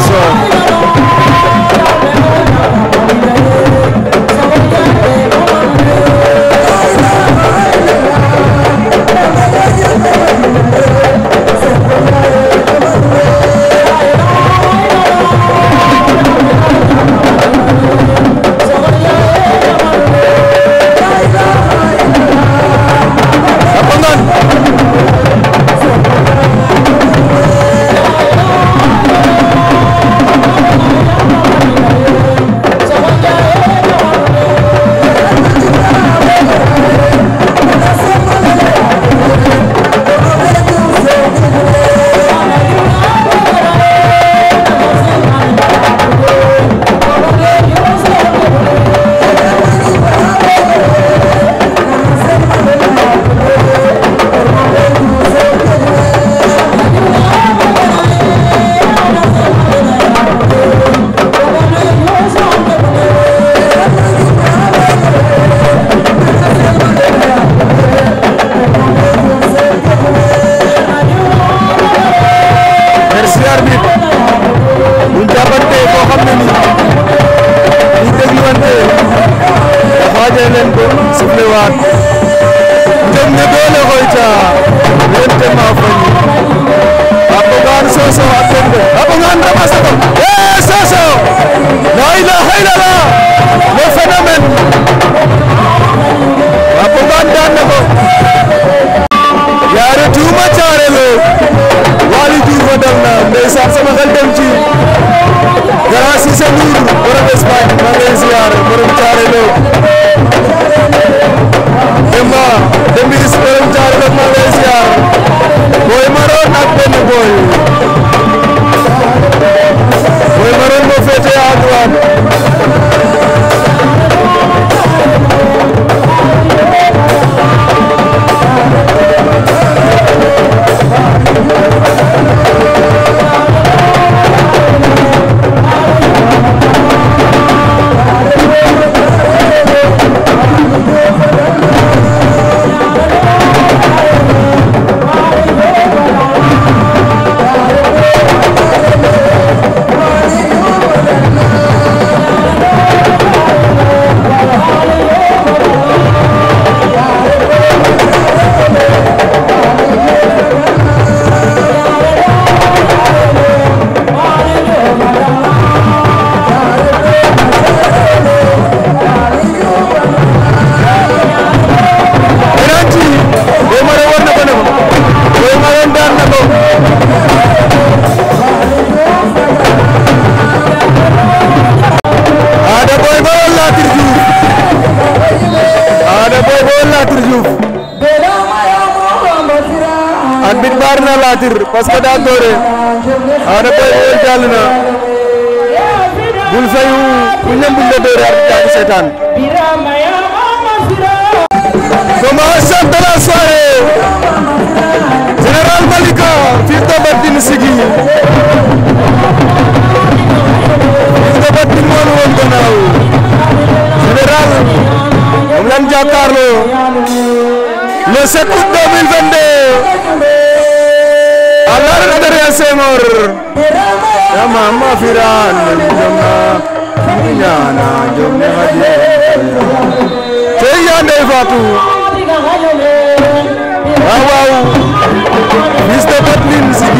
also arbitre baar na laatir parce que daa doore Ada ah, Boy Baol jàll na bul fayu bu ñëm buñ la doore arbitre daa ko seetaan dommage de la soirée Malika fils de Batine Sigi fils de Batine moo nu woon gannaaw général moom lan jàkkaarloo le 7 août 2022 Allah'ın kadar yasemur. Ya mama firan jumna jana jumne hadi. Teyyan deyfatu. Wow wow. Biz de tatlım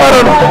Cameroon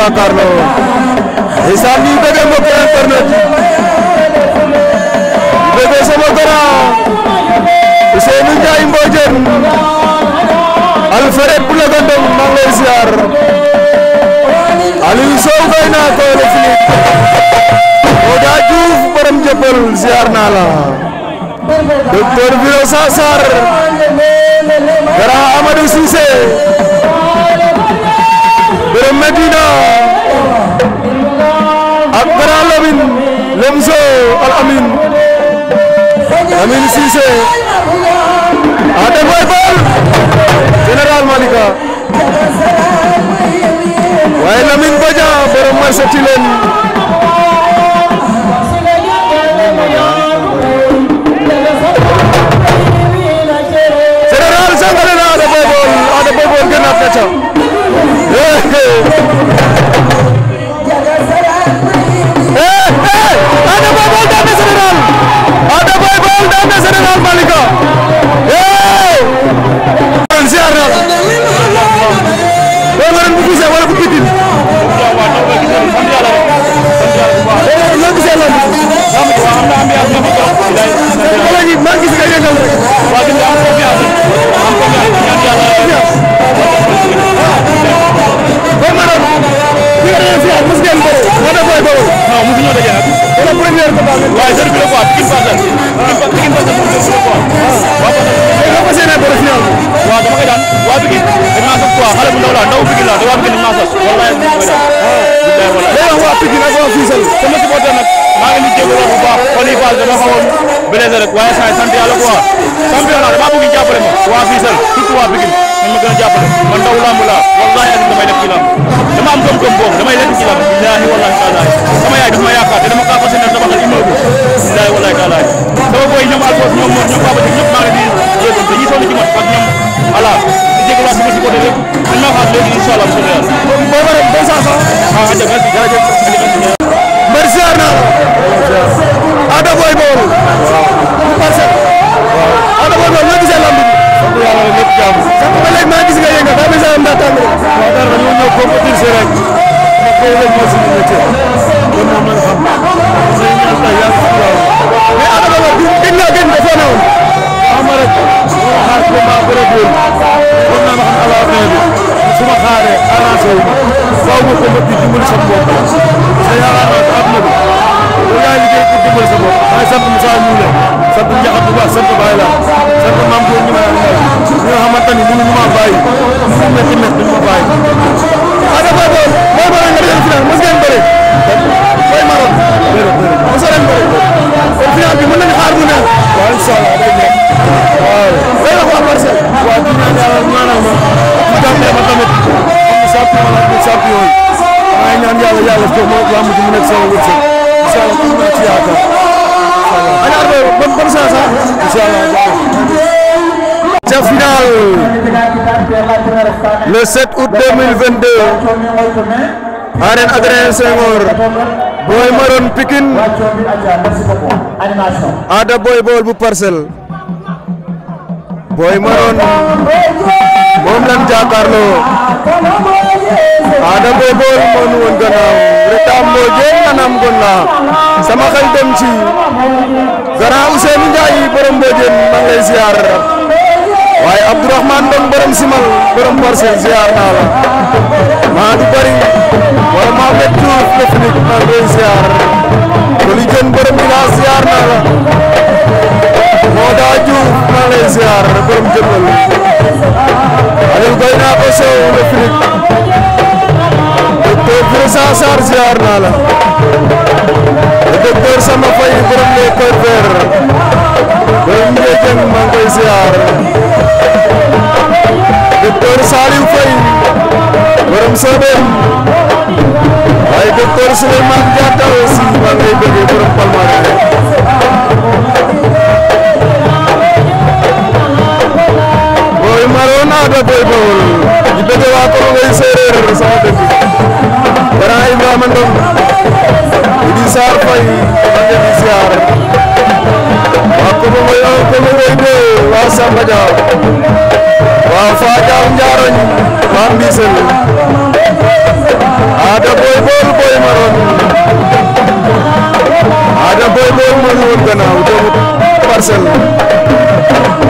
jàkkaarloo ndeysaan ñuy bëggee mbokk internet yi bëggee sama ziar naa ko le Philippe Oda Diouf borom jëppal ziar borom Medina ak Grand Lamine Lemzo Al Amin Amin Cissé Adama Fall Général Malika waaye Lamine Badia borom marché Tilène Général sangale na Adama Fall Adama Mbacké yàlla quoi championnat damaa bëgg jàppale ma waa Fisal surtout waa Pikine nañ ma gën a jàppale man ndaw lamb laa wallahi ak damay def ci lamb dama am gëm-gëm boobu damay def ci lamb billahi wallahi taala sama yaay dafa ma yaakaar te dama kaa fas yéene tabaxal immeuble billahi wallahi taala sama boy ñoom Alphonse ñoom moom ñoom Papa Diop ñëpp maa ngi di jéegam dañuy sonn ci man ak ñoom voilà di jégal waa sama si côté lépp dañ maa xaar léegi incha allah bisimilah boo ma dem deux cent cent ah jërëjëf jërëjëf merci Arnaud Ada Boy Baol d'abord loolu ñoo gisee lamb bi. sant yàlla la lépp jàmm. sant ba léegi maa gis nga yëngal daa mel ni am daa tàng. waaw dara ñoo ñëw compétir si rek. ndax kay rek moo suñu métier. loolu moom la ñu xam. parce que ñu ngi am yàlla suñu yàlla. mais Adama Ba bi bi ñu la gën dafoo newoon. xam nga rek. su ma xaar combat bëre bi woon. kon naa ma xam avenir bi. su ma xaaree arrangé wu ma. faaw ma ko ma di dimbali sa bopp. te yaakaar naa loolu laay liggéey pour dimbali sa bopp maa ngi sant Moussa Moule sant Ndiakhate bu baax sant Baye la sant maam Góor ñi ma ñoo xamante ni mënuñu maa bàyyi mu metti metti ma bàyyi. waaw dafa doon mooy waral nga dem final mos ngeen bëree. mooy Maroc bëree bëree mosoo leen bëree. kon final bi mën nañu xaar mu neex. waaw incha allah day neex. waaw day wax waa Marseille. waaw di ñaan yàlla ñaanal ma. mu jàppee ma tamit am na champion la ak champion yi. maa ngi ñaan yàlla yàlla jox ma làmb ji mu nekk sama wërsëg. incha allah am nañu ci yaakaar. incha allah bonne Boy Maroon Pikine Ada Boy Baol bu Parcelles Boy Marone moom lan jàkkaarloo Ada Boy Baol moo nu woon gannaaw Retam moo jéem kanam gannaaw sama xel dem ci Grand Ousseynou borom Mbodiène ma ngi lay ziar borom Simal borom Parcelles ziar naa la maa du bari wala maa wet tuuf Ndefleng maa ngi lay borom Ilaas ziar naa la moo daa ju lay ziar borom la le docteur sama fay borom les koy vert borom les jën maa ngi koy ziar docteur Saliou Faye borom Sodem waaye na Boy Baol di bëgg waa ko ngay séeréer sama dëkk Grand Ibrahima Ndong di saar fay ma ngi waa ko mooy un ko Boy Baol Ada Boy Baol moo ñu woon gannaaw doomu parcelle